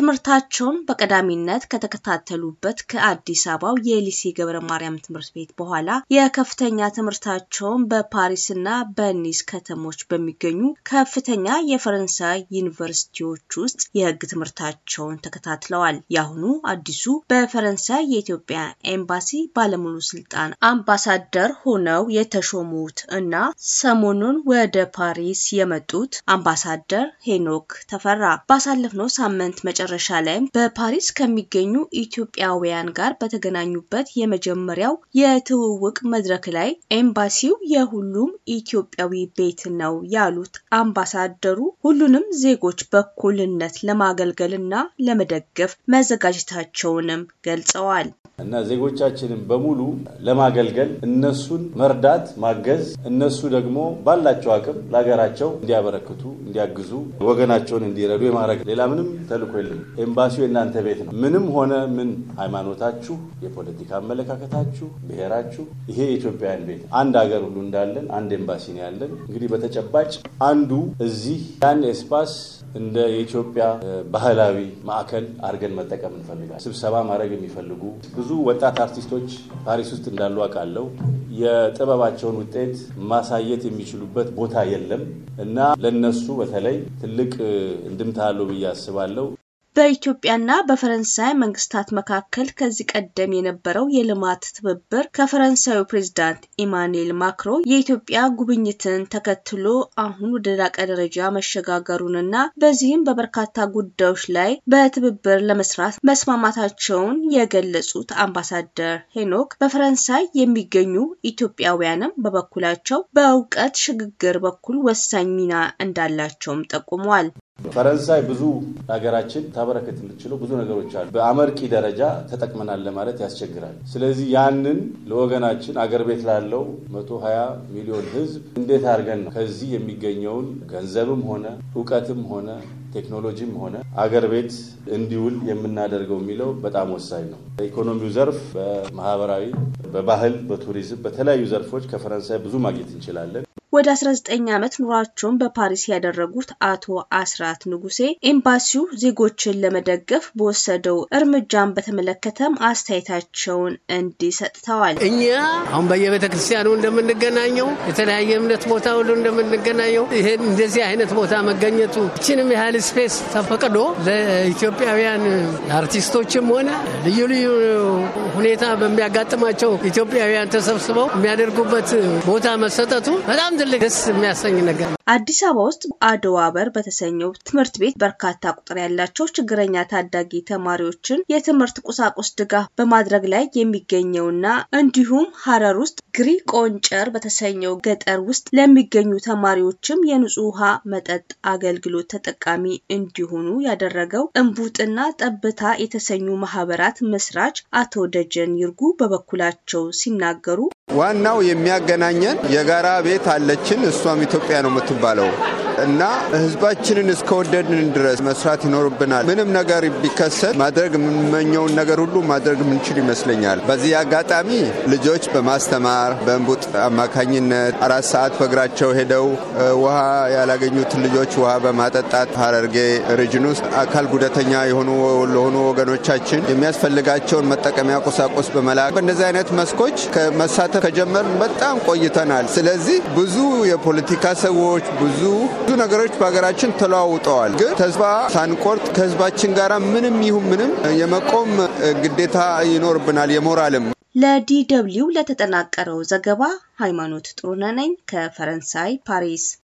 ትምህርታቸውን በቀዳሚነት ከተከታተሉበት ከአዲስ አበባው የሊሴ ገብረ ማርያም ትምህርት ቤት በኋላ የከፍተኛ ትምህርታቸውን በፓሪስና በኒስ ከተሞች በሚገኙ ከፍተኛ የፈረንሳይ ዩኒቨርሲቲዎች ውስጥ የሕግ ትምህርታቸውን ተከታትለዋል። የአሁኑ አዲሱ በፈረንሳይ የኢትዮጵያ ኤምባሲ ባለሙሉ ስልጣን አምባሳደር ሆነው የተሾሙት እና ሰሞኑን ወደ ፓሪስ የመጡት አምባሳደር ሄኖክ ተፈራ ባሳለፍነው ሳምንት መጨረ መጨረሻ ላይም በፓሪስ ከሚገኙ ኢትዮጵያውያን ጋር በተገናኙበት የመጀመሪያው የትውውቅ መድረክ ላይ ኤምባሲው የሁሉም ኢትዮጵያዊ ቤት ነው ያሉት አምባሳደሩ ሁሉንም ዜጎች በኩልነት ለማገልገልና ለመደገፍ መዘጋጀታቸውንም ገልጸዋል። እና ዜጎቻችንን በሙሉ ለማገልገል እነሱን መርዳት ማገዝ፣ እነሱ ደግሞ ባላቸው አቅም ለሀገራቸው እንዲያበረክቱ እንዲያግዙ፣ ወገናቸውን እንዲረዱ የማድረግ ሌላ ምንም ተልእኮ የለም። ኤምባሲው የእናንተ ቤት ነው። ምንም ሆነ ምን ሃይማኖታችሁ፣ የፖለቲካ አመለካከታችሁ፣ ብሔራችሁ ይሄ የኢትዮጵያውያን ቤት አንድ ሀገር ሁሉ እንዳለን አንድ ኤምባሲ ነው ያለን። እንግዲህ በተጨባጭ አንዱ እዚህ ያን ኤስፓስ እንደ የኢትዮጵያ ባህላዊ ማዕከል አድርገን መጠቀም እንፈልጋለን። ስብሰባ ማድረግ የሚፈልጉ ብዙ ወጣት አርቲስቶች ፓሪስ ውስጥ እንዳሉ አውቃለሁ። የጥበባቸውን ውጤት ማሳየት የሚችሉበት ቦታ የለም እና ለነሱ በተለይ ትልቅ እንድምታ አለው ብዬ አስባለሁ። በኢትዮጵያና በፈረንሳይ መንግስታት መካከል ከዚህ ቀደም የነበረው የልማት ትብብር ከፈረንሳዩ ፕሬዚዳንት ኢማኑኤል ማክሮ የኢትዮጵያ ጉብኝትን ተከትሎ አሁን ወደ ላቀ ደረጃ መሸጋገሩንና በዚህም በበርካታ ጉዳዮች ላይ በትብብር ለመስራት መስማማታቸውን የገለጹት አምባሳደር ሄኖክ በፈረንሳይ የሚገኙ ኢትዮጵያውያንም በበኩላቸው በእውቀት ሽግግር በኩል ወሳኝ ሚና እንዳላቸውም ጠቁመዋል። ፈረንሳይ ብዙ ሀገራችን ታበረከት የምትችለው ብዙ ነገሮች አሉ። በአመርቂ ደረጃ ተጠቅመናል ለማለት ያስቸግራል። ስለዚህ ያንን ለወገናችን አገር ቤት ላለው 120 ሚሊዮን ህዝብ እንዴት አድርገን ነው ከዚህ የሚገኘውን ገንዘብም ሆነ እውቀትም ሆነ ቴክኖሎጂም ሆነ አገር ቤት እንዲውል የምናደርገው የሚለው በጣም ወሳኝ ነው። በኢኮኖሚው ዘርፍ፣ በማህበራዊ፣ በባህል፣ በቱሪዝም፣ በተለያዩ ዘርፎች ከፈረንሳይ ብዙ ማግኘት እንችላለን። ወደ 19 ዓመት ኑሯቸውን በፓሪስ ያደረጉት አቶ አስራት ንጉሴ ኤምባሲው ዜጎችን ለመደገፍ በወሰደው እርምጃን በተመለከተም አስተያየታቸውን እንዲህ ሰጥተዋል። እኛ አሁን በየቤተ ክርስቲያኑ እንደምንገናኘው የተለያየ እምነት ቦታ ሁሉ እንደምንገናኘው ይሄን እንደዚህ አይነት ቦታ መገኘቱ እችንም ያህል ስፔስ ተፈቅዶ ለኢትዮጵያውያን አርቲስቶችም ሆነ ልዩ ልዩ ሁኔታ በሚያጋጥማቸው ኢትዮጵያውያን ተሰብስበው የሚያደርጉበት ቦታ መሰጠቱ በጣም ይወስድልኝ። ደስ የሚያሰኝ ነገር አዲስ አበባ ውስጥ አድዋ በር በተሰኘው ትምህርት ቤት በርካታ ቁጥር ያላቸው ችግረኛ ታዳጊ ተማሪዎችን የትምህርት ቁሳቁስ ድጋፍ በማድረግ ላይ የሚገኘውና እንዲሁም ሀረር ውስጥ ግሪ ቆንጨር በተሰኘው ገጠር ውስጥ ለሚገኙ ተማሪዎችም የንጹህ ውሃ መጠጥ አገልግሎት ተጠቃሚ እንዲሆኑ ያደረገው እንቡጥና ጠብታ የተሰኙ ማህበራት መስራች አቶ ደጀን ይርጉ በበኩላቸው ሲናገሩ ዋናው የሚያገናኘን የጋራ ቤት አለችን። እሷም ኢትዮጵያ ነው balão. እና ህዝባችንን እስከወደድን ድረስ መስራት ይኖርብናል። ምንም ነገር ቢከሰት ማድረግ የምንመኘውን ነገር ሁሉ ማድረግ የምንችል ይመስለኛል። በዚህ አጋጣሚ ልጆች በማስተማር በእንቡጥ አማካኝነት አራት ሰዓት በእግራቸው ሄደው ውሃ ያላገኙትን ልጆች ውሃ በማጠጣት ሀረርጌ ሪጅን ውስጥ አካል ጉዳተኛ የሆኑ ለሆኑ ወገኖቻችን የሚያስፈልጋቸውን መጠቀሚያ ቁሳቁስ በመላክ በእንደዚህ አይነት መስኮች መሳተፍ ከጀመር በጣም ቆይተናል። ስለዚህ ብዙ የፖለቲካ ሰዎች ብዙ ብዙ ነገሮች በሀገራችን ተለዋውጠዋል። ግን ተስፋ ሳንቆርጥ ከህዝባችን ጋር ምንም ይሁን ምንም የመቆም ግዴታ ይኖርብናል። የሞራልም ለዲ ደብልዩ ለተጠናቀረው ዘገባ ሃይማኖት ጥሩነህ ነኝ ከፈረንሳይ ፓሪስ